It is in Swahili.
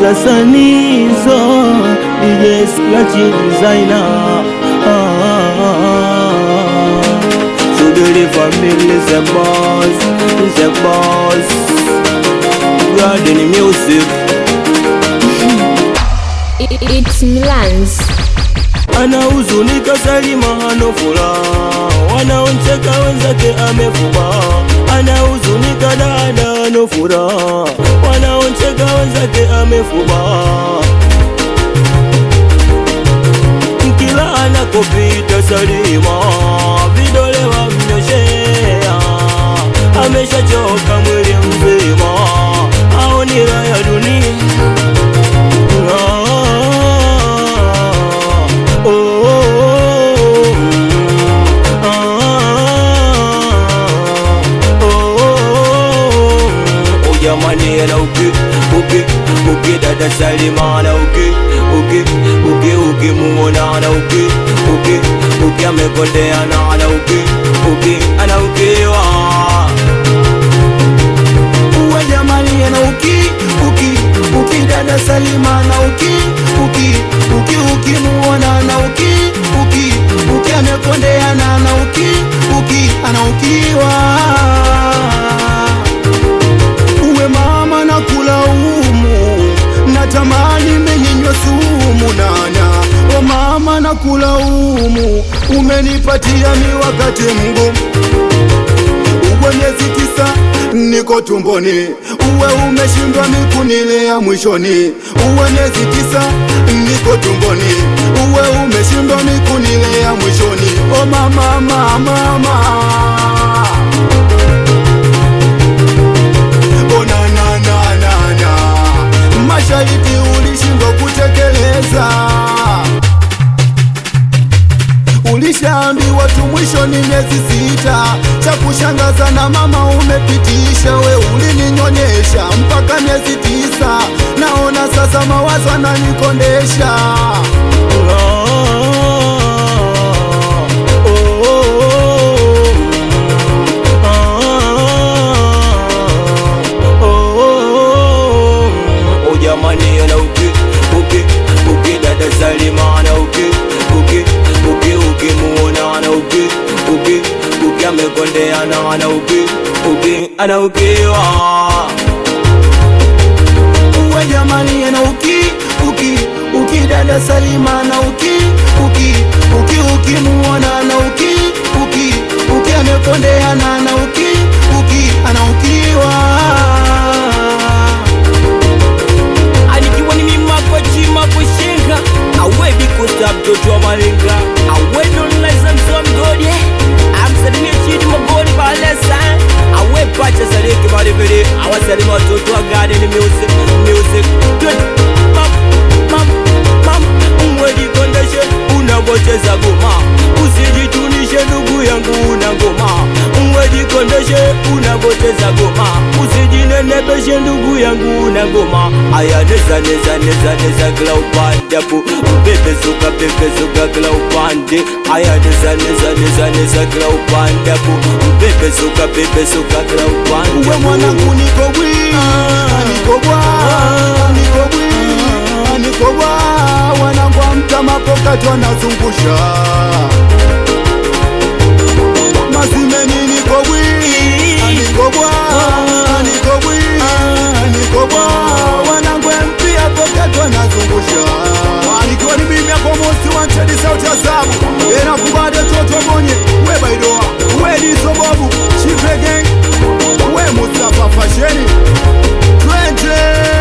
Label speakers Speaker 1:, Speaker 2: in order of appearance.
Speaker 1: za sanizo DJ Scratch designer Suduli family the boss the boss Garden music
Speaker 2: It's Milan's
Speaker 1: anahuzunika, Salima hana furaha, wanaoncheka wenzake amefuba. Anahuzunika, dada hana furaha, wanaoncheka wenzake amefuba. Kila anakopita Salima vidole wamnyoshea, ameshachoka da Salimana uki uki uki uki muonana uki uki uki amekondea nana uki uki ana ukiwa Jamani, mmenyenywa sumu nana, o oh, mama na kulaumu, umenipatia mi wakati mgumu. Uwe tisa niko tumboni, uwe umeshindwa mikunile ya mwishoni, uwe miezi tisa Ulishaambiwa tu mwisho ni miezi sita. Cha kushangaza na mama umepitisha, we ulininyonyesha mpaka miezi tisa. Naona sasa mawazo ananikondesha oh, Jamani, ukimuona anaugi ugi ugi amekondea na anaugi ugi anaugiwa was telling my daughter to God in the music, music. Good. Mom, mom, mom, where you going to shit? Who never chase a good mom? cheza goma, usijinenepeshe ndugu yangu na goma. Aya, neza neza neza neza kila upande hapo, mpepezuka pepezuka kila upande. Aya, neza neza neza neza kila upande hapo, mpepezuka pepezuka kila upande. Wewe mwanangu niko bwi, niko bwa, niko bwi, niko bwa, wanangu mapoka mapokati wanazungusha watoto bonye we baidoa we lisobobu chivegeng we mustafa fasheni twende